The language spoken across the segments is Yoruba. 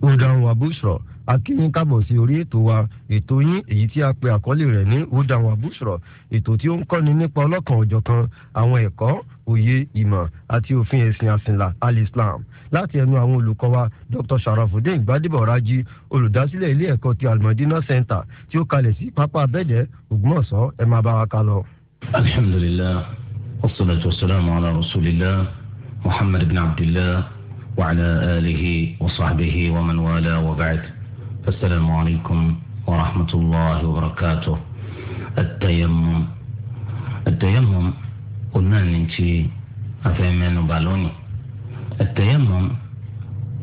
hudan wa bushra akínyìn kábọ̀ sí orí ètò wa ètò yín èyí tí a pè àkọlé rẹ̀ ní hudan wa bushra ètò tí ó ń kọ́ni nípa ọlọ́kan òjọ̀kan àwọn ẹ̀kọ́ òye ìmọ̀ àti òfin ẹ̀sìn àsìnlá alislam láti ẹnu àwọn olùkọ́ wa dr sharafudin gbadebo raji olùdásílẹ̀ ilé ẹ̀kọ́ ti almadina center tí ó kalẹ̀ sí pápá abẹ́dẹ̀ ògbómọ̀ṣọ́ ẹ máa bá wa ká lọ. alhamdulilayi wa salatu wa salamu ala rasulillah muhammad bin abdillah. وعلى آله وصحبه ومن والاه وبعد فالسلام عليكم ورحمة الله وبركاته التيمم التيمم قلنا ننتي أفهمين بالوني التيمم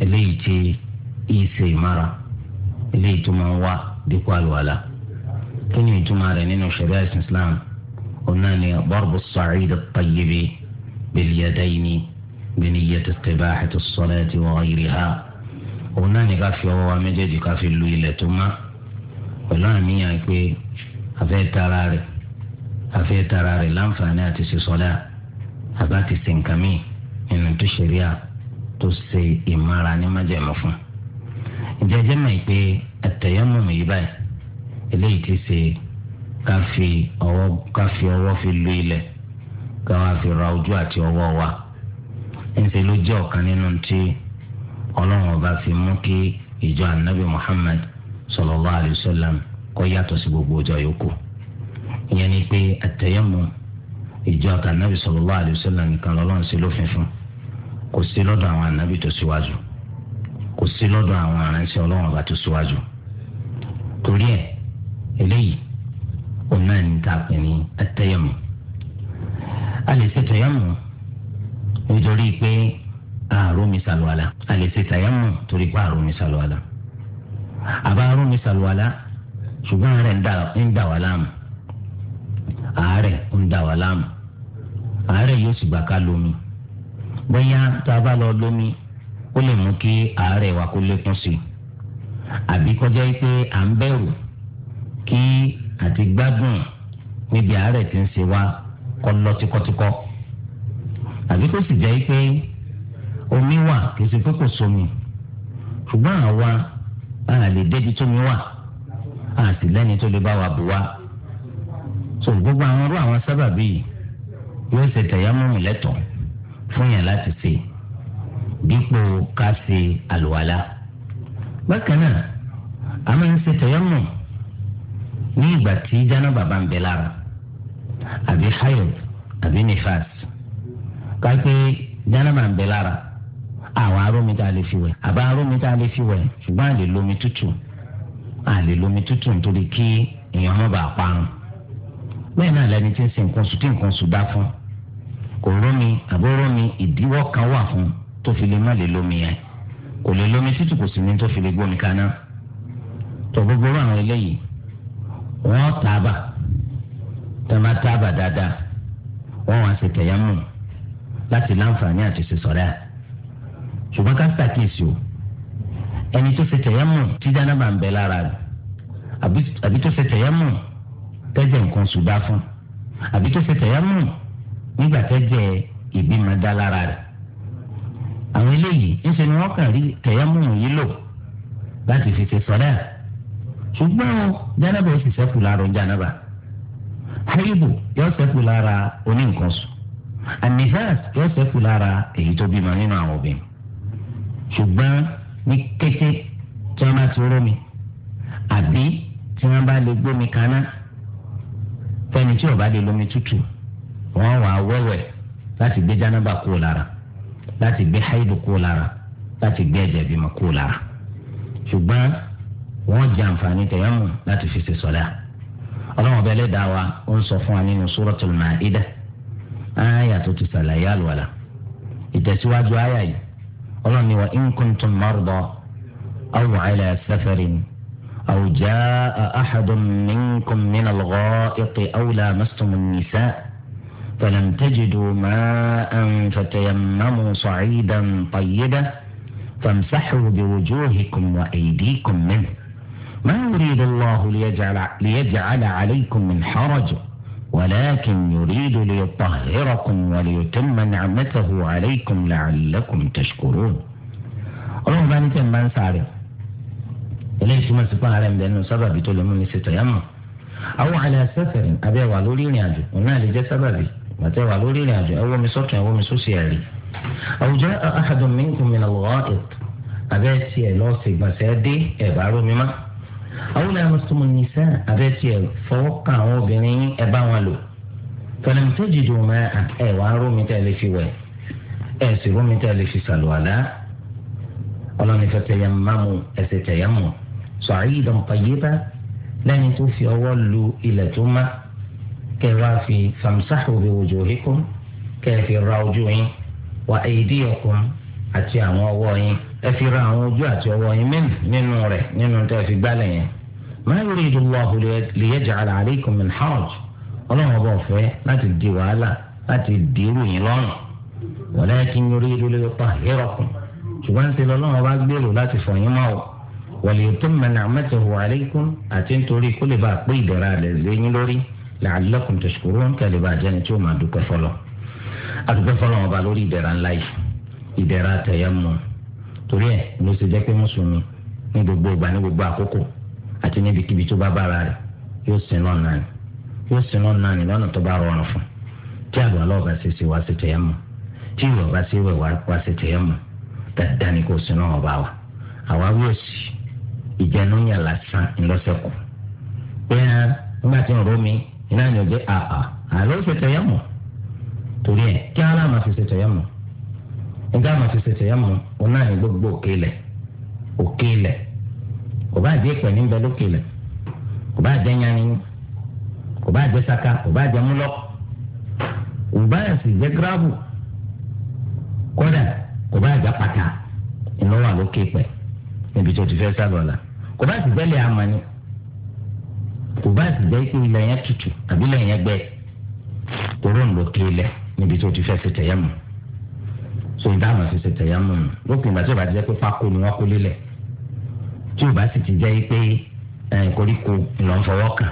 إليتي إيسي مرة إليتي من وا ديكوال ولا كن يتمار نينو شريعة الإسلام قلنا ضرب الصعيد الطيب باليدين بنية استباحة الصلاة وغيرها هناك كافي هو مجد كافي الليلة ثم ولا ميا كي أفي تراري أفي تراري لم فاناتي صلاة أباتي سنكمي إن تشريع تسي إمارة نمجة مفهوم ìjẹjẹ mọ̀ pé àtẹ̀yẹ́mọ̀mù yìí báyìí eléyìí ti ṣe ká fi ọwọ́ fi lu ilẹ̀ ká wá fi ńṣe ló jẹ́ ọ̀kan nínú tí ọlọ́run ọba fi mú kí ìjọ anabi muhammad sallallahu alayhi wa sallam kó yàtọ̀ sí gbogbo ọjọ́ yòókù ìyẹn ni pé àtẹ̀yẹ̀mú ìjọ anabi sallallahu alayhi wa sallam nìkan lọ́lọ́run ṣe lófin fún kò sí lọ́dọ̀ àwọn anabi tó síwájú kò sí lọ́dọ̀ àwọn aránṣẹ́ ọlọ́run ọba tó síwájú torí ẹ̀ eléyìí òun náà pè ní àtẹ̀yẹ̀mú a lè nítorí pé ààrùn mi sàlùwàlà a lè ṣe tàyámù torí pé ààrùn mi sàlùwàlà àbá ààrùn mi sàlùwàlà ṣùgbọ́n àárẹ̀ ń dà wá láàmú àárẹ̀ ń dà wá láàmú àárẹ̀ yóò sì gbà ká lómi bóyá tá a bá lọ lómi ó lè mú kí àárẹ̀ wa kó lékún sí i àbí kọjá pé à ń bẹ̀rù kí àti gbádùn níbi àárẹ̀ tí ń ṣe wá kọ́ lọ tíkọ́tíkọ́ àbí kó sì jẹ́ pé omi wà kì í ṣe pé kò sómi ṣùgbọ́n àwa a lè débi tómi wà a sì lẹ́ni tó lè bá wa bù wá so gbogbo àwọn irú àwọn sábàbí yóò ṣe tẹ̀yámọ́mù lẹ́tọ̀ọ́ fún yàn láti ṣe dípò ká ṣe àlùwàlá bákan náà a máa ń ṣe tẹ̀yámọ́mù ní ìgbà tí jáná bàbá ń bẹ lára àbí hayod àbí nifas kápẹ́ jánábà ń bẹ lára àwọn arómi tá a lè fi wẹ̀ àbá arómi tá a lè fi wẹ̀ ṣùgbọ́n a lè lomi tútù a lè lomi tútù nítorí kí èèyàn má bàa parun bẹ́ẹ̀ náà lẹni tí ń sin nǹkan sùn tí nǹkan sùn dá fún kò rómi àbó rómi ìdíwọ́ kan wà fún tó fi lè má lè lomi yẹn kò lè lomi tútù kò sì ní tó fi lè gbómi kaná tó gbogbo àwọn eléyìí wọ́n tábà tẹ́ tábà dáadáa wọ́n wá ṣe tẹ̀yámù láti láǹfààní àti sísọ̀rẹ́ à ṣùgbọ́n ká ṣàkíyèsí o ẹni tó ṣe tẹ̀yẹ́ mọ̀ tí jánábà ń bẹ lára rẹ̀ àbí tó ṣe tẹ̀yẹ́ mọ̀ tẹ́jẹ̀ nǹkan oṣù bá fún àbí tó ṣe tẹ̀yẹ́ mọ̀ nígbà tẹ́jẹ̀ ìbímọ dá lára rẹ̀ àwọn eléyìí ńṣe ni wọ́n kàn rí tẹ̀yẹ́ mọ̀ yìí lò láti fi ṣe sọ̀rẹ́ à ṣùgbọ́n jánábà ó yóò ṣẹ́kù lára anihas yóò ṣẹ́kù lára èyí tó bímọ nínú àwọn obìnrin ṣùgbọ́n ní kété tí wọ́n bá ti rómi àbí tí wọ́n bá lè gbómi kaná fẹ́ni tí ó bá lè lómi tútù wọ́n wà wẹ́wẹ́ láti gbé jánábà kúrò lára láti gbé haidu kúrò lára láti gbé ẹ̀jẹ̀ bímọ kúrò lára ṣùgbọ́n wọ́n jẹ àǹfààní tẹ̀yẹ́mù láti fi ṣe sọ́lá ọlọ́run ọbẹ̀ ẹlẹ́dàá wa ó ń sọ fún wa nínú Suratul Ma'idah. aya tó ti sàlàyé àlùwàlà ìtẹ̀síwájú aya yìí ọlọ́run ni wa in kuntum marda aw ala safarin aw jaa ahadun minkum min al-gha'iti aw lamastum an-nisaa falam tajidu ma'an fatayammamu sa'idan tayyiban famsahu biwujuhikum wa aydikum minhu ma yuridu Allahu liyaj'ala liyaj'ala alaykum min haraj. ولكن يريد ليطهركم وليتم نعمته عليكم لعلكم تشكرون ọlọ́run bá ní tẹ̀ ń bá ń sáré eléyìí túmọ̀ sí pààrọ̀ ẹ̀ lẹ́nu sábàbí tó lè mú mi ṣètò yẹn mọ̀ àwọn aláṣẹ́fẹ̀ abẹ́ wà lórí ìrìn àjò òun náà lè jẹ́ sábàbí bàtẹ́ wà lórí ìrìn àjò ẹ̀wọ́ mi sọ́tún ẹ̀wọ́ mi sósì ẹ̀rí àwùjọ ahadum minkum min al-gha'it abẹ́ tiẹ̀ lọ́ọ̀sì gbàṣẹ́ dé ẹ̀bá rómi máa àwọn ìlànà mùsùlùmí nìṣẹ́ abẹ́tì ẹ̀ fọwọ́ kan àwọn obìnrin ẹ bá wọn lò fẹlẹ́mùtẹ́ jìdùn máa ẹ̀ wá rómi tẹ́ lè fi wẹ̀ ẹ̀ sì rómi tẹ́ lè fi sàlùwàlá ọlọ́ni fẹ́ tẹ̀yà mámu ẹ̀sẹ̀ tẹ̀yà mọ̀ sọ̀rọ̀ ìdán pàyẹ́bá lẹ́ni tó fi ọwọ́ lu ilẹ̀ tó má kẹ́ ẹ wá fi famsahu bi wujuhikum kẹ́ ẹ fi ra ojú yín wà èyí díẹ̀ kún àti àwọn ọwọ́ yín ẹ fi ra àwọn ojú àti ọwọ́ yín nínú rẹ̀ nínú tẹ́ fi gbálẹ̀ yẹn ma yuridu Allahu liyaj'ala alaykum min haraj ọlọ́run ọba ọ̀fẹ́ láti di wàhálà láti di ìròyìn lọ́rùn walakin yuridu liyutahhirakum ṣùgbọ́n ti lọ́lọ́run ọba gbèrò láti fọyín mọ́ ọ wa liyutimma ni'matahu alaykum àti nítorí kó lè bá a pé ìdẹ̀ra rẹ̀ lẹ́yìn lórí la'allakum tashkurun kẹ́lẹ́ bá a jẹ́ni tí ó máa dúpẹ́ fọlọ́ torí ẹ ló ṣe jẹ́ pé mùsùlùmí ní gbogbo ìgbà ní gbogbo àkókò àti níbikíbi tó bá bára rẹ̀ yóò sin náà ni yóò sin fún tí àgbà ọlọ́ọ̀bá ṣe ṣe wá sí tẹ̀yẹ́ tí bá ṣe wẹ̀ wá sí tẹ̀yẹ́ dáadáa ni kò wa àwa lásán bẹ́ẹ̀ nígbà tí ń romi ìlànà ìjẹ́ nígbà máa ti ṣẹṣẹ yẹn mọ òun náà ní gbogbo òkè ilẹ̀ òkè ilẹ̀ kò bá jẹ́ ìpẹ́ níbẹ̀ lókè ilẹ̀ kò bá jẹ́ yanni kò bá jẹ́ saka kò bá jẹ́ múlọ kò bá yẹ sì jẹ́ gíráàbù kódà kò bá jẹ́ pàtà iná wà lókè ìpẹ́ níbi tó ti fẹ́ sábàlá kò bá sì gbẹ́lẹ̀ amani kò bá sì jẹ́ ìpè ilẹ̀ yẹn tutù àbí ilẹ̀ yẹn gbẹ òórùn lókè ilẹ̀ níbi tó ti fẹ́ ṣe tẹ̀yẹ́ mọ́ so ìdáhùn ṣẹṣẹ tẹ̀yà mọ̀ nù lópin ìgbà tí o bá ti jẹ́ pé pákó ni wọ́n kó lélẹ̀ tí o bá sì ti jẹ́ pé koríko lọ́n fọwọ́ kàn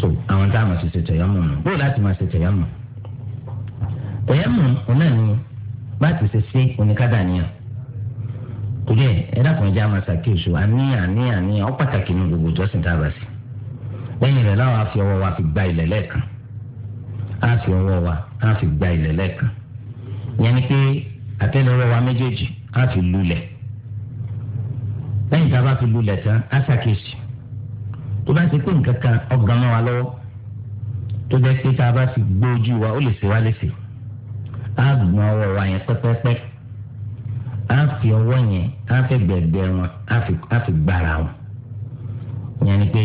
so àwọn táwọn ṣẹṣẹ tẹ̀yà mọ̀ nù bóyá láti máa ṣe tẹ̀yà mọ̀ tẹ̀yà mọ̀ ọ̀nà ni bá ti ṣe ṣe oníkádà níyàn torí ẹ ẹ dákun ẹjẹ àmọ́ ṣàkíyèsí àníyàn àníyàn àníyàn ó pàtàkì nínú gbogbo ìjọsìn tá a bá ṣe lẹ́yìn rẹ̀ láwọn á fi ọwọ́ wa fi gba ilẹ̀ lẹ́ẹ̀kan á fi ọwọ́ wa á fi gba ilẹ̀ lẹ́ẹ̀kan yẹn ni pé àtẹnuwọ́ wa méjèèjì á fi lulẹ̀ lẹ́yìn tá a bá fi lulẹ̀ tán á ṣàkíyèsí tó bá ti pé nǹkan kan ọ̀gá mọ́ wa lọ́wọ́ tó jẹ́ pé tá a bá fi gbó wa ó lè ṣe wá léṣe á gbọ́n ọwọ́ wa yẹn pẹ́pẹ́pẹ́ á fi ọwọ́ yẹn á fi gbẹ̀gbẹ́ wọn á fi gbára wọn yẹn ni pé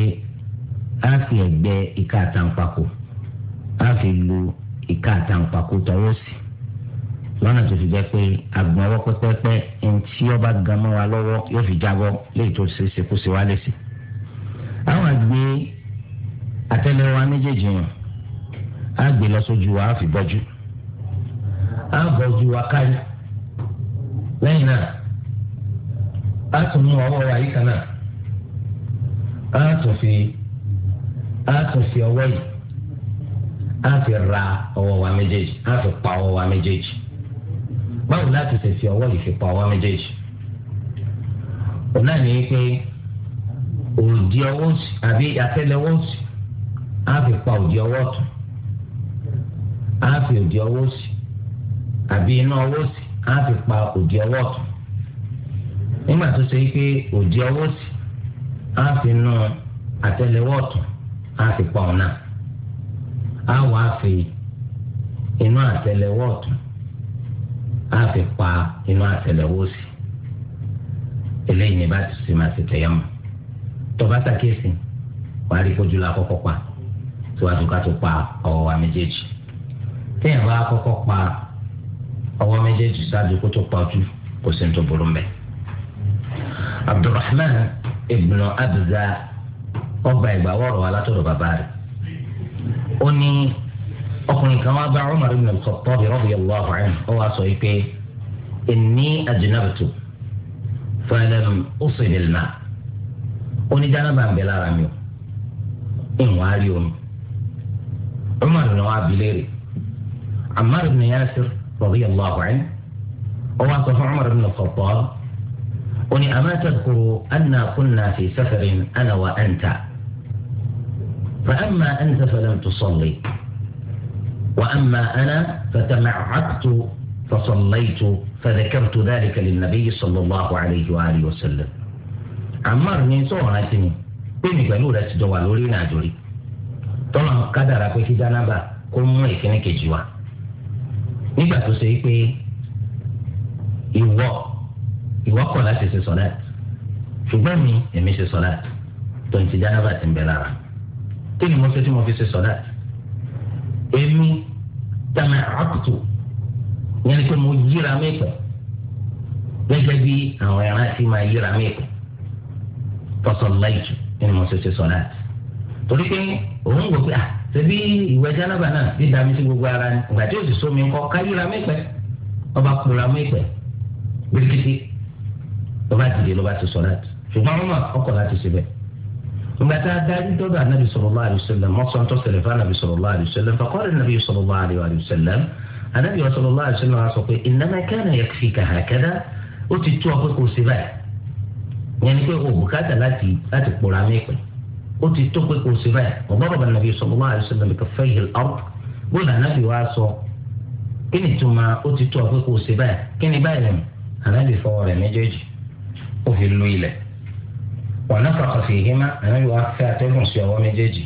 á fi ẹ̀gbẹ́ ìka àtàǹpàkò á fi lu ìka àtàǹpàkò tọwọ́ sí lọ́nà tó fi jẹ́ pé àgbọ̀n ọwọ́ pẹ́pẹ́pẹ́ ntí ọba gan wa lọ́wọ́ yóò fi jábọ́ léyìí tó ṣe é ṣe kó ṣe wá lẹ́sìn. àwọn àgbẹ̀ àtẹlẹwà méjèèjì yàn á gbé lọ sójú wa á fi bọ́jú á bọ́ wa kárí lẹ́yìn náà á ọwọ́ wa yìí kan náà á ọwọ́ yìí á ra ọwọ́ wa méjèèjì á pa ọwọ́ wa méjèèjì báwo láti tẹ̀sí ọwọ́ ìfipá ọwọ́ méjèèjì òun náà ní pé òdì ọwọ́ òsì àbí àtẹ́lẹwọ́ òsì á fi pa òdì ọwọ́ ọ̀tún á fi òdì ọwọ́ òsì àbí iná ọwọ́ òsì á fi pa òdì ọwọ́ ọ̀tún nígbà tó ṣe pé òdì ọwọ́ òsì á fi nà àtẹ́lẹwọ́ ọ̀tún á fi pa ọ̀nà á wàá fi iná àtẹ́lẹwọ́ ọ̀tún á fi pa inú àtẹ́lẹwọ́ sí eléyìí ni bá ti sè máa ṣe tẹ̀yà mọ́ tọba sàkíyèsí wàá rí fojú la kọ́kọ́ pa síwájú ká tó pa ọwọ́ wa méjèèjì téèyàn bá kọ́kọ́ pa ọwọ́ méjèèjì ṣáájú kó tó pa ojú kò sí ní tó burú mbẹ́. abdulrahman ibn abza ọgbà ìgbà wọ̀rọ̀ wa látọ̀dọ̀ bàbá rẹ̀ ó ní. ọkùnrin kan wá bá ọmọ Umar ibn al-Khattab radiyallahu anhu ó wá sọ yìí pé inni ajnabtu falam usib al-ma' oníjànàbà ń bẹ lára mi o ìwọ̀n á rí omi ọmọ ibn wá bi léèrè Ammar ibn Yasir radiyallahu anhu ó wá sọ fún ọmọ ibn al-Khattab ó ní ama tadhkuru anna kunna fi safarin ana wa anta fa amma anta falam tusalli. وأما أنا فتمعقت فصليت فذكرت ذلك للنبي صلى الله عليه وآله وسلم عمار ní sọ̀rọ̀ láti mi pé mi pẹ̀lú rẹ̀ ti jọ wà lórí ìrìn àjò rí tọ́lá kádàrá pé kí jánábà kó mú ìkíní kejì wá nígbà tó ṣe pé ìwọ ìwọ kọ̀ láti ṣe sọ̀lát ṣùgbọ́n mi èmi ṣe sọ̀lát tó ń ti jánábà ti ń bẹ lára kí ni mo ṣe tí mo fi ṣe sọ̀lát èmi tẹmẹ àkùtù yẹn ni pé mo yíra mi pẹ gẹ́gẹ́ bí àwọn ẹran ti máa yíra mi pẹ tọsọ lẹjù nínú mo ṣẹ̀ṣẹ̀ sọ náà torí pé òun wò pé à ṣebí ìwẹ̀ jánábà náà bí dami sí gbogbo ara ni ìgbà tí o sì so mi kọ ká yíra mi ọba kura mi pẹ bíríkìtì dìde lọba ti sọ náà ṣùgbọ́n ọmọ ọkọ láti ṣe bẹ́ẹ̀ gbàtà dájú dọ́dọ̀ anabi sallallahu alaihi wasallam mọ́sán tó ṣẹlẹ̀ fún anabi sallallahu alaihi wasallam faqala anabi sallallahu alaihi wasallam anabi sallallahu alaihi wasallam sọ pé innama kana yakfika hakada ó ti tó ọpẹ kò sí báyìí yẹn ni o bùkátà láti láti kpọ̀ra mi pẹ̀ ó ti tó pé kò sí báyìí ọ̀gbọ́dọ̀ bá anabi sallallahu alaihi wasallam kaffayhi al-ard bóyá anabi wa sọ kí tuma ó ti tó ọpẹ kò sí báyìí kí ni báyìí anabi fọwọ́ rẹ̀ méjèèjì ó fi lu ilẹ̀ wọnà kàkọsí ìhímà ànábì wa fẹ́ sí ọwọ́ méjèèjì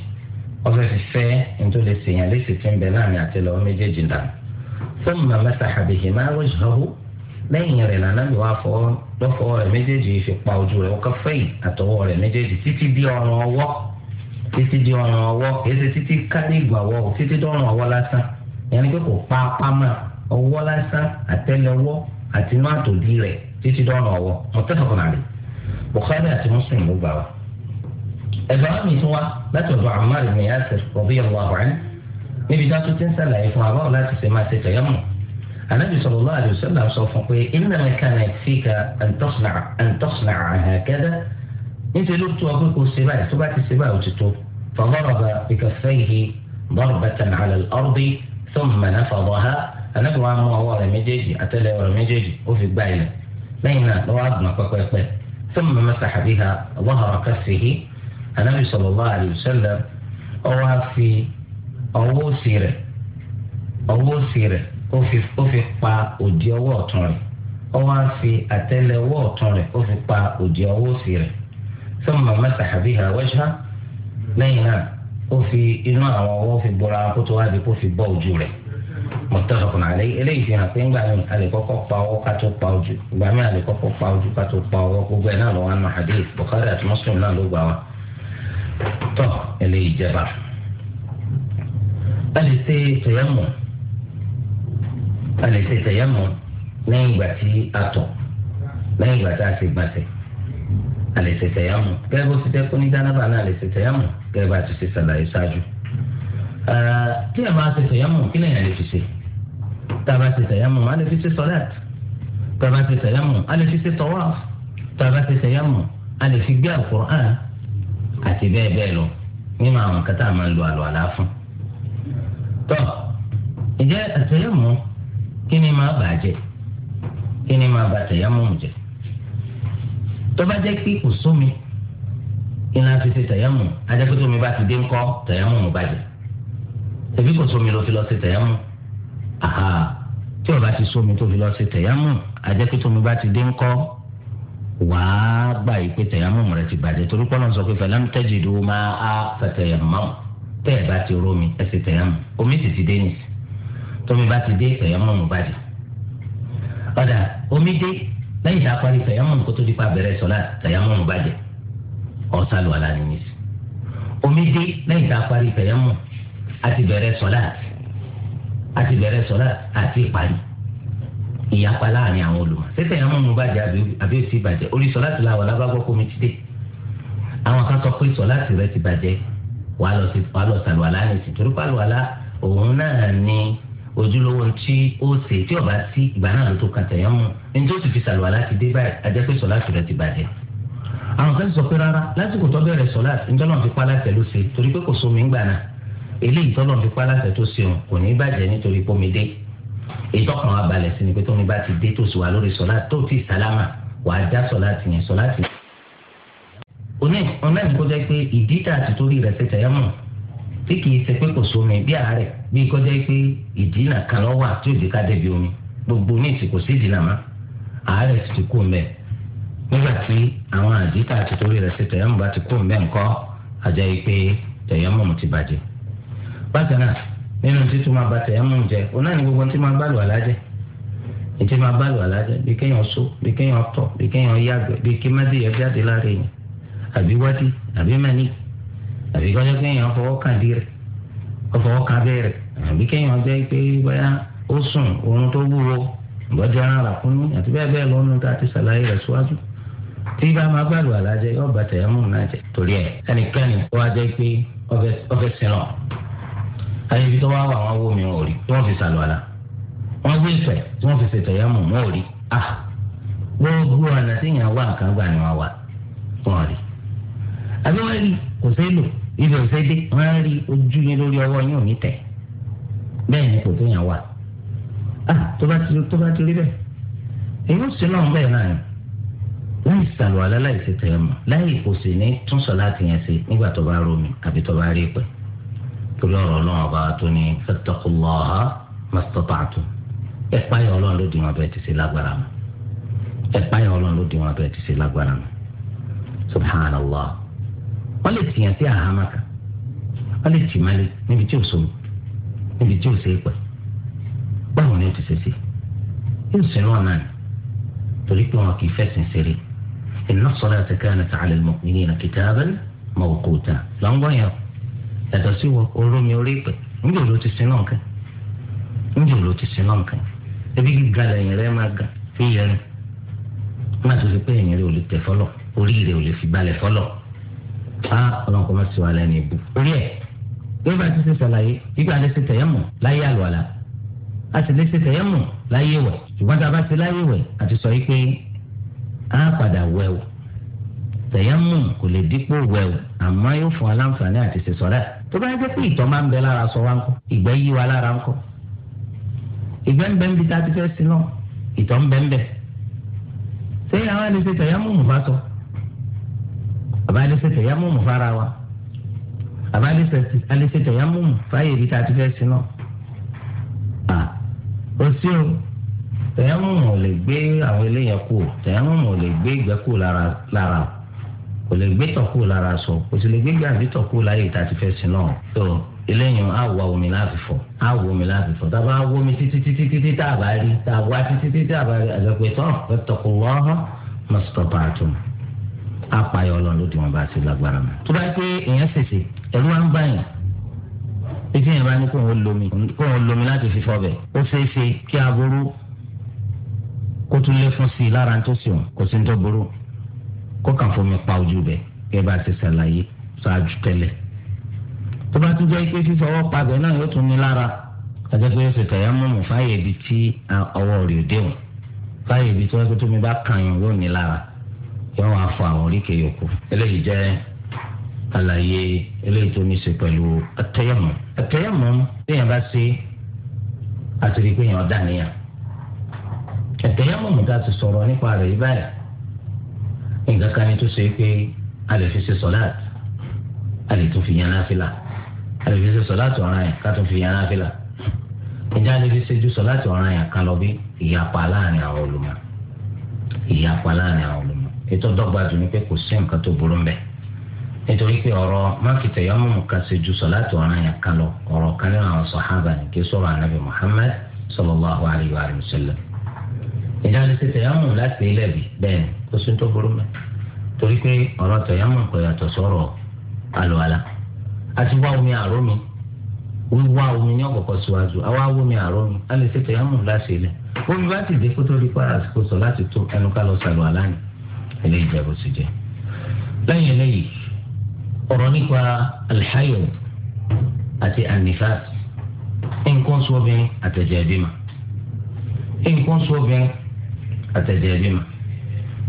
ọfẹ fi fẹ́ sèyàn lè sì ń bẹ láàrin àtẹlẹ ọwọ́ méjèèjì dànù fún mamasa abihima wajhahu lẹ́yìn rẹ̀ lànàbì wa fọwọ́ lọ́fọwọ́ rẹ̀ méjèèjì fi ojú rẹ̀ ọkọ fẹyì àtọwọ́ rẹ̀ méjèèjì títí di ọrùn ọwọ́ títí di ọrùn ọwọ́ títí kárí ìgbà títí lásán yẹn pé kò pa lásán àtinú àtòdí títí بخاري أتي مسلم بالبعوة ابراهيم يتوى لا تبع عمار بن ياسر رضي الله عنه نبي داتو تنسى لا يفعل لا تسمى تتيمم النبي صلى الله عليه وسلم صلى الله عليه وسلم إنما كان يكفيك أن تصنع أن تصنع هكذا إنت لبت وأقولك السباع تبعت السباع وتتو فضرب بكفيه ضربة على الأرض ثم نفضها أنا جوا ما هو رميجي أتلا رميجي وفي بعيد بين لو عدنا كوكب ثم مسح بها ظهر كفه النبي صلى الله عليه وسلم أو في أو سيره أو سيره ó fi ó fi pa òdì ọwọ́ ọ̀tún rẹ̀ ó wá fi àtẹ́lẹwọ́ ọ̀tún rẹ̀ ó fi pa òdì ọwọ́ òsì rẹ̀ sọ́mọ mẹ́sàá bí ha wẹ́ṣá lẹ́yìn náà ó fi inú àwọn ọwọ́ fi bọ́ra kó tó wá di kó fi bọ́ ojú rẹ̀ muttafaqun alayhi eléyìí fi hàn pé ńgbà mi a lè kọ́kọ́ pa ọwọ́ ká tó pa ojú ìgbà mi a lè kọ́kọ́ pa ojú ká tó pa ọwọ́ gbogbo ẹ̀ náà ló wà nù hadith Bukhari àti Muslim náà ló gbà wá tọ́ eléyìí jẹba a lè ṣe tẹ̀yẹ̀mọ̀ a ṣe tẹ̀yẹ̀mọ̀ lẹ́yìn ìgbà tí a tọ̀ lẹ́yìn ìgbà tí a ṣe gbàtẹ̀ a ṣe tẹ̀yẹ̀mọ̀ gẹ́gẹ́ bó ti dẹ́kun ní dánábà náà a ṣe tẹ̀yẹ̀mọ̀ gẹ́gẹ́ a ti ṣe ṣàlàyé ṣáájú tí ẹ máa ṣe tẹ̀yàmù kí lèyàn lè fi ṣe tá a bá ṣe tẹ̀yàmù a lè fi ṣe sọ́lát tá a bá ṣe tẹ̀yàmù a lè fi ṣe tọ́wáf tá a bá ṣe tẹ̀yàmù a lè fi gbé àkùrán àti bẹ́ẹ̀ bẹ́ẹ̀ lọ nínú àwọn kátà máa ń lo àlọ́ àlá fún. tọ́ ìjẹ́ àtẹ̀yàmù kí ni máa bà jẹ́ kí ni máa bà tẹ̀yàmù jẹ́ tó bá jẹ́ pé kò sómi kí ni a fi ṣe tẹ̀yàmù ajẹ́pẹ́tọ́ mi bá ti dé ńkọ́ tẹ̀yàmù mo bàjẹ́ ẹbí kò sómi ló fi lọ sí tẹ̀yámù aha tí o bá ti sómi tó fi lọ sí tẹ̀yámù àjẹ́ pé tómi bá ti dé ńkọ́ wàá gbà yìí pé tẹ̀yámù rẹ ti bàjẹ́ torí pọ́nà sọ pé fẹ̀lẹ́mú tẹ́jì ìdúró máa á fẹ̀tẹ̀yàmù máwùn tẹ́ ẹ̀ bá ti rómi ẹ̀ sì tẹ̀yámù omi sì ti dé nìsí tómi bá ti dé tẹ̀yámù mú bàjẹ́ ọ̀dà omi dé lẹ́yìn tá a parí tẹ̀yámù kó tó di pa bẹ̀rẹ̀ sọ́lá tẹ̀yámù mú bàjẹ́ ọ̀sálùwàlá nìyí omi dé lẹ́yìn tá a parí tẹ̀yámù àti bẹ̀rẹ̀ sọ̀láàtì àti bẹ̀rẹ̀ sọ̀láàtì àti ìparí ìyapa láàrin àwọn olùmọ̀ sẹ́sẹ̀ yẹn mọ̀mú bàjẹ́ àbí òsì bàjẹ́ orí sọ̀láàtì làwọn alábàgbọ́ kọ́mi ti dé àwọn kan sọ pé sọ̀láàtì rẹ ti bàjẹ́ wà á lọ sí wà á lọ sàlùwàlá ní ìsìn torí pàlùwàlá òun náà ni ojúlówó tí ó ṣe tí ọba sí ìgbà náà ló tó kan tẹ̀yẹ́ mú ní tó sì fi sàlùwàlá ti dé báyìí àjẹ́ pé sọ̀láàtì rẹ ti bàjẹ́ àwọn kan sọ pé rárá lásìkò tó bẹ̀rẹ̀ sọ̀láàtì ń tọ́lọ́ fi pa láti ló ṣe torí pé kò sómi ń gbà náà eléyìí tọ́lọ́ fi pa láṣẹ tó ṣeun kò ní bàjẹ́ nítorí pómìdé ìtọ́kàn wa balẹ̀ sí ni pé tómi bá ti dé tó sì wà lórí sọlá tó ti sálámà wàá já sọlá ti yẹn sọlá ti. oní ọ̀nàdì kọjá pé ìdí tá a ti torí rẹ̀ ṣe tẹ̀yẹ́ mọ̀ tí kì í ṣe pé kò sómi bí àárẹ̀ bí kọjá pé ìdí náà kan lọ́ wà tí òjì ká débi omi gbogbo ní ìsìnkú sí ìdí náà má àárẹ̀ sì ti kú mbẹ́ nígbà tí àwọn àdí tá a ti torí rẹ̀ ṣe tẹ̀yẹ́ mọ̀ bá ti kú mbẹ́ ńkọ́ àjẹ́ pé tẹ̀yẹ́ mọ̀ mo ti bàjẹ́ bákan náà nínú títú máa bá tẹ̀yẹ́mù jẹ òun náà ní gbogbo tí máa bá lù àlájẹ ètí máa bá lù àlájẹ bí kéèyàn só bí kéèyàn tọ̀ bí kéèyàn yàgbẹ́ bí kí má déyẹ jáde lára èèyàn àbí wádìí àbí mẹ́ni àbí kọ́jọ́ kéèyàn fọwọ́ kàn dí rẹ̀ fọwọ́ kàn bẹ́ẹ̀ rẹ̀ àbí kéèyàn jẹ́ pé bóyá ó sùn oorun tó wúwo ara rà fún mi àti bẹ́ẹ̀ bẹ́ẹ̀ lọ́nu tá a ti ṣàlàyé rẹ̀ síwájú tí bá máa bá lù yóò náà ayé ibi tó wá wà wọn wó mi wọn ò rí tí wọn fi sàlùwàlà wọn gbé ìfẹ́ tí wọn fi ṣètọyà mọ wọn ò rí ah gbogbo ọ̀nà tí ìyàn wà nǹkan gbà ni wọn wà wọn ò rí àbí wọn rí kò sí lò ibi ò sí dé wọn rí ojú yín lórí ọwọ́ yín ò ní tẹ̀ bẹ́ẹ̀ ni kò tó yàn wà ah tó bá ti tó bá ti rí bẹ́ẹ̀ èyí ó sì náà bẹ́ẹ̀ náà ni láì sàlùwàlà láì ṣètọyà mọ láì kò sì ní túnṣọ láti yẹn ṣe nígbà tó bá romi àbí tó bá rí pẹ́ torí ọ̀rọ̀ ọlọ́run ọba tó ní fattaqullaha mastata'tum ẹ páyà ọlọ́run ló di wọn bẹ́ẹ̀ ti ṣe lágbára mọ́ ẹ páyà ọlọ́run ló di wọn bẹ́ẹ̀ ti ṣe lágbára mọ́ subhanallah wọ́n lè tìyàn sí àhámà kan wọ́n lè tì máa lé níbi tí ò sómi níbi tí ò sí pẹ̀ báwo ni ó ti ṣe ṣe yóò sìn wọn náà torí pé wọn kì í fẹ̀sìn ṣeré inna salata kanat yàtọ̀ sí wọ orómi orí ìpè níbi òòlù ti sin náà kẹ níbi òòlù ti sin náà kẹ ebi gíga lẹ́yìn rẹ máa ga fi yẹrin má tó fi pé ẹ̀yìn rẹ ò lè tẹ̀ fọlọ̀ orí rẹ ò lè fi balẹ̀ fọlọ̀ á ọlọ́run kọ́ máa ti wà lẹ́nu ìbú. orí ẹ̀ lórí bá ti ṣe ṣàlàyé gbígbà lè ṣe tẹ̀yẹ́mù láyé àlùwàlà a sì lè ṣe tẹ̀yẹ́mù láyé wẹ̀ ṣùgbọ́n tá a bá ṣe láyé wẹ̀ àti sọ yìí pé á padà wẹ̀ o tẹ̀yẹ́mù kò lè dípò wẹ̀ o àmọ́ yóò fún aláǹfààní àti ṣe sọ́rẹ́ tó bá ń jẹ́ pé ìtọ̀ máa ń bẹ lára sọ wa ń kọ ìgbẹ́ yí wa lára ń kọ ìgbẹ́ ń bẹ ń bi tá a ti fẹ́ sí náà ìtọ̀ ń bẹ ń bẹ sẹ́yìn àwọn àlejò tẹ̀yàmùmù bá tọ̀ àbá àlejò tẹ̀yàmùmù fara wa àbá àlejò tẹ̀yàmùmù fáyè ibi tá a ti fẹ́ sí náà à ó sí o tẹ̀yàmùmù ò lè gbé àwọn eléyàn kù tẹ̀yàmùmù ò lè gbé ìgbẹ́ kù lára lára kò lè gbé tọ̀ kúrò lára sọ kò sì lè gbé gàdí tọ̀ kúrò láyé ìta ti fẹ́ sí náà. tó eléyìí á wá omi láti fọ á wá omi láti fọ tá a bá wá omi títí títí títí tá a bá rí tá a wá títí títí tá a bá rí àgbẹ̀pẹ̀ tán ẹ tọkọ wọ́n hàn mọ́sítọ́pà àtùm apayọ Ọlọ́run ló di wọn bá ti lágbára mọ. tó bá yẹ pé èèyàn ṣèṣe ẹ̀rú wa ń báyìí etí yẹn bá ní kó wọn lomi kó wọn lomi láti fi fọ bẹ̀ ó ṣeé kí aburú kó tún lé fún sí i lára tó sì kò sí ní tó burú kọ́kàn fomi pa ojú bẹ̀ kẹ́ bá ti ṣàlàyé ṣáájú tẹ́lẹ̀ tó bá tún jẹ́ pé fífọwọ́ pabẹ̀ náà yóò tún ní lára àjẹpẹ́ yóò ṣe tẹ̀yà mọ́mù fáyè ibi tí ọwọ́ rẹ̀ ò déhùn fáyè ibi tí wọ́n pẹ́ tó mi bá kàn yàn yóò ní lára yóò wá fọ àwọn oríkèé yòókù eléyìí jẹ́ àlàyé eléyìí tó ní ṣe pẹ̀lú àtẹ̀yẹ̀mọ́ àtẹ̀yẹ̀mọ́ téèyàn bá ṣe àti rí pé èèyàn dàníyàn àtẹ̀yẹ̀mọ́ mú ká ti sọ̀rọ̀ nípa rẹ̀ yí báyìí nǹkan kan ni tó ṣe pé a lè fi ṣe sọláàt a lè tún fi yan náfìlà a lè fi ṣe sọláàt ọ̀ràn yẹn ká tún fi yan náfìlà ǹjẹ́ a lè fi ṣe ju sọláàt ọ̀ràn yẹn kan lọ bí ìyapa láàrin àwọn olùmọ̀ ìyapa láàrin àwọn olùmọ̀ ètò dọ́gba jù ni pé kò sí nǹkan tó burú mbẹ̀ nítorí pé ọ̀rọ̀ mákìtẹ̀ yọmọ kan ṣe ju sọláàt ọ̀ràn yẹn kan lọ ọ̀rọ̀ kan nínú àwọn sọ̀hábà Muhammad sallallahu alayhi wa sallam ìjà lè ṣe tẹ̀yàmù láti ilẹ̀ bi bẹ́ẹ̀ kó sún tó burú mẹ́ torí pé ọ̀rọ̀ tẹ̀yàmù kò yàtọ̀ sọ̀rọ̀ àlùwàlà àti wá omi àrò mi wíwá omi ní ọ̀kọ̀ọ̀kọ̀ síwájú àwa omi mi a lè ṣe tẹ̀yàmù láti ilẹ̀ omi bá ti dé kó tó di kwara àsìkò sọ láti tó ẹnu ká lọ sàlùwàlà ni eléyìí jẹ́ bó ti eléyìí nípa alhayo àti anifas nǹkan sọ bímọ nǹkan sọ àtẹ̀jẹ̀ bímọ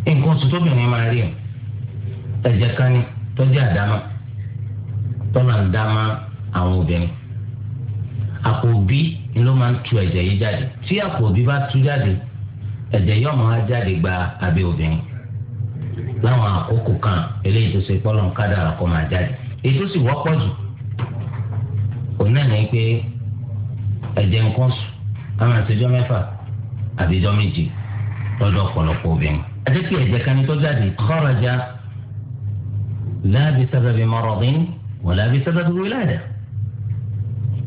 nǹkan oṣù tóbìnrin máa rí o ẹ̀jẹ̀ kan ni tọ́jú àdámà tọ́nà ń dámà àwọn obìnrin àpò òbí ni ló máa ń tu ẹ̀jẹ̀ yìí jáde tí àpò òbí bá tu jáde ẹ̀jẹ̀ yóò máa jáde gba abẹ́ obìnrin láwọn àkókò kan eléyìí tó ṣe pọ́lọ́n kádàrá kó máa jáde èyí tó sì wọ́pọ̀ jù òun pé ẹ̀jẹ̀ nǹkan sùn ká máa mẹ́fà àbíjọ́ méje lọ́dọ̀ ọ̀pọ̀lọpọ̀ obìnrin. àdékì ẹ̀jẹ̀ kan tó jáde kọ́rọ̀jà láàbí sábàbí mọ́rọ̀dín wọ́n láàbí sábàbí wílàdà.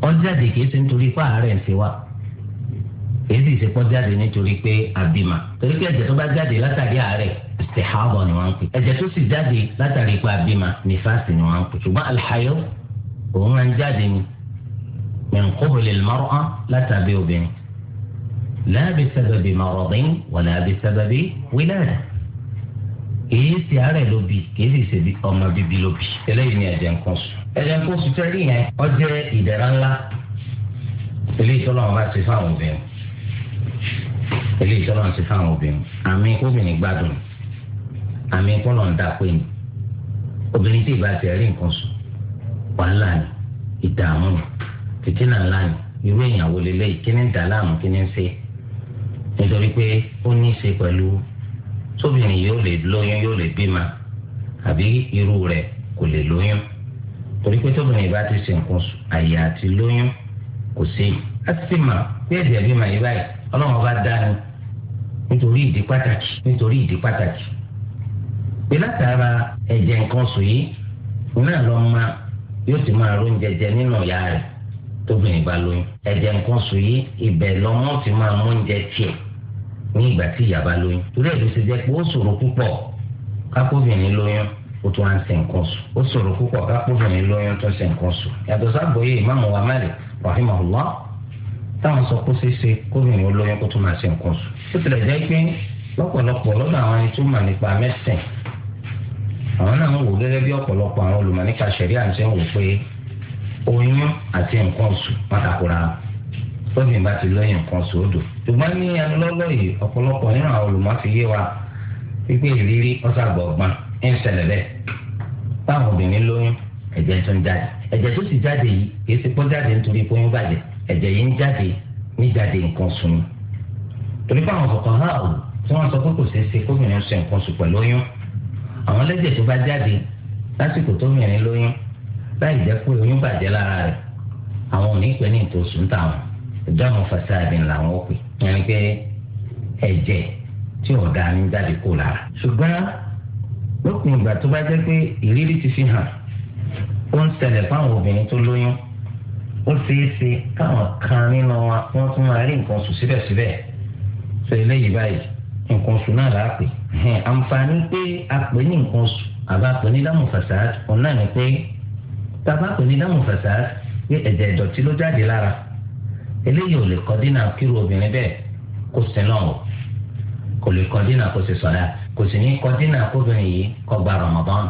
ó jáde kìí ṣe nítorí pé àárẹ̀ ń ṣe wá èyí sì ṣe pọ́ jáde nítorí pé àbímọ. torí pé ẹ̀jẹ̀ tó bá jáde látàrí àárẹ̀ istihaba ni wọ́n ń pè. ẹ̀jẹ̀ tó sì jáde látàrí pé àbímọ nífàsì ni wọ́n ń pè. ṣùgbọ́n alhayo òun máa ń jáde ni min qubulil لا بسبب maradin ولا بسبب ولادة. wilada èyí ti àárẹ̀ ló bi kìí sì ṣe ọmọ bíbí ló bi eléyìí ni ẹ̀jẹ̀ nǹkan sùn ẹ̀jẹ̀ nǹkan sùn tẹ́lẹ̀ yẹn ó jẹ́ ìdẹ̀ra ńlá eléyìí tó lọ́wọ́ bá ti fáwọn obìnrin eléyìí tó lọ́wọ́ ti fáwọn obìnrin àmì obìnrin gbádùn àmì kọ́lọ̀ ń dà ni obìnrin tí ìbá ti rí nǹkan sùn wàhálà ni ìdààmú ni tìtìnà ńlá ni irú èèyàn wo lélẹ́yìí kí ni dàlámù kí ni ń ṣe nítorí pé ó ní í ṣe pẹ̀lú sóbìnrin yóò lè lóyún yóò lè bímọ àbí irú rẹ̀ kò lè lóyún torí pé tóbìnrin bá ti ṣe nǹkan àyè àti lóyún kò sí láti fi mà pé ẹ̀jẹ̀ bímọ yìí báyìí ọlọ́run bá dánu nítorí ìdí pàtàkì nítorí ìdí pàtàkì pé látara ẹ̀jẹ̀ nǹkan sùn yìí náà lọ́ máa yóò ti máa rún jẹjẹ nínú ìyá rẹ̀ tóbìnrin bá lóyún ẹ̀jẹ̀ nǹkan sùn yìí ibẹ̀ lọ́mọ́ ti máa mú oúnjẹ tiẹ̀ ní ìgbà tí ìyá bá lóyún torí ẹ̀ ló ṣe jẹ́ pé ó ṣòro púpọ̀ kápóbìnrin lóyún ó tún á ń ṣe nǹkan sùn ó ṣòro púpọ̀ kápóbìnrin lóyún tó ṣe nǹkan sùn yàtọ̀ sábòye ìmáàmù wa Malik rahimahullah táwọn sọ pé ṣeéṣe kóbìnrin olóyún kó tún máa ṣe nǹkan sùn ó tilẹ̀ jẹ́ pé lọ́pọ̀lọpọ̀ lọ́dọ̀ àwọn ẹni tó mà nípa mẹ́sìn àwọn náà ń wò gẹ́gẹ́ bí ọ̀pọ̀lọpọ̀ àwọn olùmọ̀ nípa ṣẹ̀ríà ń ṣe ń wò pé oyún tóbi bá ti lóyún nǹkan sódò ṣùgbọ́n ní anulọ́lọ́ yìí ọ̀pọ̀lọpọ̀ nínú àwọn olùmọ̀fìyé wa wípé ìrírí ọ̀sàgbọ̀gbọ́n ń ṣẹlẹ̀ bẹ́ẹ̀ táwọn obìnrin lóyún ẹ̀jẹ̀ tó ń jáde ẹ̀jẹ̀ tó sì jáde yìí kì í ṣe pọ́ jáde nítorí pé oyún bàjẹ́ ẹ̀jẹ̀ yìí ń jáde ní jáde nǹkan sùn ni torí pé àwọn kọ̀ọ̀kan náà ò tí wọ́n sọ pé kò ṣeé ṣe kóbìnrin ṣe nǹkan sùn pẹ̀lú oyún àwọn lẹ́jẹ̀ tó bá jáde lásìkò tóbìnrin lóyún láì jẹ́ pé oyún bàjẹ́ lára rẹ̀ àwọn ò ní pẹ́ ní ìtòsùn táwọn dáhùn fasadi làwọn ò pè yẹn pé ẹ̀jẹ̀ tí ọ̀dà ń jáde kó lára. ṣùgbọ́n lópin ìgbà tó bá jẹ́ pé ìrírí ti fi hàn ó ń ṣẹlẹ̀ fáwọn obìnrin tó lóyún ó ṣeé ṣe káwọn kan nínú wa wọ́n tún máa rí nǹkan oṣù síbẹ̀síbẹ̀ sọ eléyìí báyìí nǹkan oṣù náà là á pè àǹfààní pé a pè ní nǹkan oṣù àbá pè ní dáhùn fasadi ọ̀nà ni pé tàbá pè ní dáhùn fasadi pé ẹ̀jẹ̀ ìdọ̀tí ló jáde lára eléyìí ò lè kọ́ dínà kírú obìnrin bẹ́ẹ̀ kó sin lọ́wọ́ kò lè kọ́ dínà kó ṣe sọ̀dá kò sì ní kọ́ dínà kóbìnrin yìí kọ́ gba Ramadan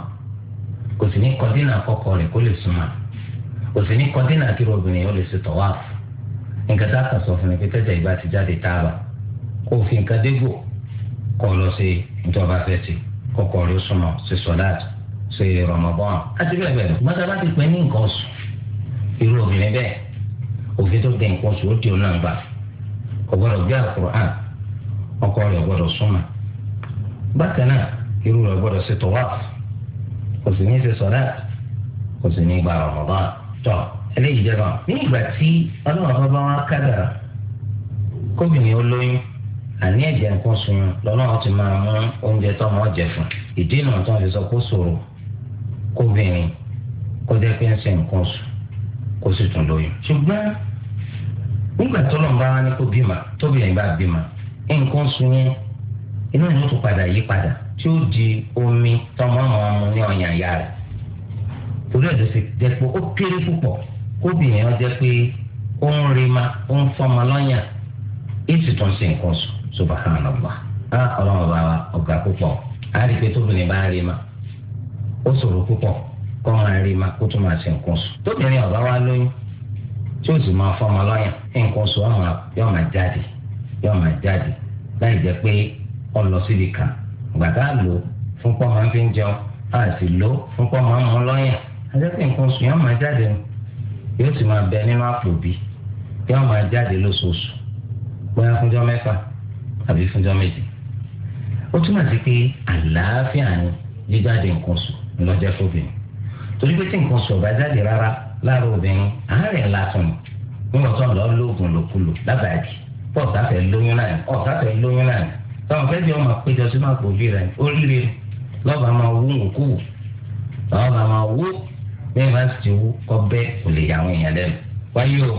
kò sì ní kọ́ dínà kọ́kọ́ rẹ̀ kó lè súnmọ́ kò sì ní kọ́ dínà kírú obìnrin yìí ó lè ṣe tọ́wáàfù nǹkan tá a kàn sọ fún mi pé ti jáde táàbà fi nǹkan dégbò kọ́ lọ sí ìjọba kọ́kọ́ rẹ̀ ó ṣe òfin tó dẹ̀ nǹkan sùn ó di ọ̀nà àgbà kò gbọdọ̀ gbé àkùrán ọkọ rẹ̀ gbọdọ̀ súnmọ́ bákan náà irú rẹ̀ gbọdọ̀ ṣe tọ́wá kò sì ní ṣe sọ̀rẹ́ kò sì ní gba ọ̀rọ̀ eléyìí jẹ́ ní ìgbà tí ọlọ́run kádàrà kóbìnrin àní ẹ̀jẹ̀ nǹkan lọ́lọ́run ti máa mú oúnjẹ tó ọmọ jẹ fún ìdí ìnà tó ń fi sọ kó ṣòro kóbìnrin kó jẹ́ kó sì tún lóyún. ṣùgbọ́n nígbà tó lọ́n bá wá ní kó bímọ tóbi ẹ̀ bá bímọ nǹkan oṣù yẹn iná ìlú tó padà yí padà tí ó di omi tọmọ àwọn ọmọ ní ọyàn ìyá rẹ̀ torí ẹ̀ ló ṣe jẹ́ pé ó kéré púpọ̀ kóbìnrin ọ jẹ́ pé ó ń rí ma ó ń fọmọ lọ́yàn èsì tó ń ṣe nǹkan oṣù subhanallah á ah, ọlọ́run bá wa ọ̀gá púpọ̀ á rí i pé tóbìnrin bá rí ma ó ṣòro púpọ̀ kọ́ máa rí ma kó tó máa ṣe nǹkan sùn tóbìnrin ọ̀bá wa lóyún tí ó sì máa fọmọ lọ́yàn nǹkan sùn yóò máa jáde yóò máa jáde láì jẹ́ pé ọ lọ síbi kan lò fún pọ́ máa fi ń jẹun a sì lò fún pọ́ máa mú lọ́yàn ajẹ́pẹ́ nǹkan sùn yóò máa jáde yóò sì máa bẹ nínú àpò bí yóò máa jáde lóṣooṣù bóyá mẹ́fà àbí méje ó túmọ̀ sí pé àlàáfíà ni jíjáde nǹkan torí pé tí nǹkan sọ̀rọ̀ bá jáde rárá lára obìnrin àárẹ̀ lásán ni wọ́n sọ̀rọ̀ lọ́ọ́ lóògùn lòkulò lábàájì pọ̀ sáfẹ́ lóyún náà ọ̀ sáfẹ́ lóyún náà táwọn fẹ́ẹ́ bí ọmọ péjọ sínú àpòjù rẹ̀ oríire lọ́ba máa wú òkú lọ́ba máa wú bẹ́ẹ̀ bá ti wú kọ́ bẹ́ẹ̀ kò lè yà àwọn èèyàn lẹ́nu wáyé o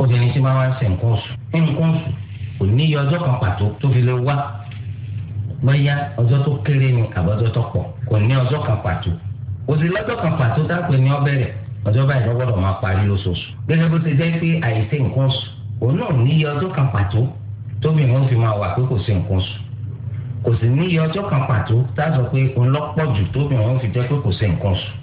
obìnrin tí máa wá ń ṣe nǹkan oṣù nǹkan oṣù kò ní iye ọjọ́ kan pàtó tó fi lè wá bóyá ọjọ́ tó kéré ni àbọ̀jọ́ tó pọ̀ kò ní ọjọ́ kan pàtó kò sí lọ́jọ́ kan pàtó dápẹ́ ní ọbẹ̀rẹ̀ ọjọ́ báyìí lọ́gbọ́dọ̀ máa parí lóṣooṣù gẹ́gẹ́ bó ti jẹ́ pé àìsí nǹkan sùn òun náà níye ọjọ́ kan pàtó tóbi wọn fi máa wà pé kò sí nǹkan sùn kò sì níye ọjọ́ kan pàtó tá a sọ pé òun lọ́pọ̀ jù tóbi wọn fi jẹ́ pé kò sí nǹkan sùn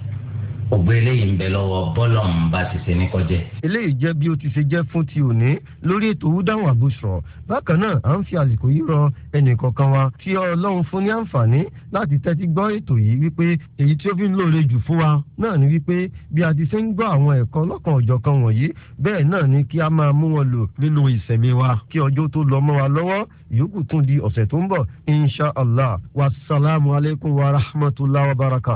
ògbé eléyìí ń bẹ lọ́wọ́ bọ́lọ̀mù bá ti ṣe ní kọjẹ́. eléyìí jẹ́ bí ó ti ṣe jẹ́ fún ti òní lórí ètò wúdáhùn àbúṣọ bákan náà à ń fi àsìkò yìí rọ ẹnìkọ̀ọ̀kan wa tí ọlọ́run fún ní àǹfààní láti tẹ́tí gbọ́ ètò yìí wípé èyí tí ó fi ń lóore jù fún wa náà ni wípé bí a ti ṣe ń gbọ́ àwọn ẹ̀kọ́ lọ́kan ọ̀jọ̀ kan wọ̀nyí bẹ́ẹ̀ náà ni kí a máa mú wọn lò nínú ìṣẹ̀mí wa kí ọjọ́ tó lọ mọ́ wa lọ́wọ́ ìyókù tún di ọ̀sẹ̀ tó ń bọ̀ insha allah wa rahmatulah wa barakat.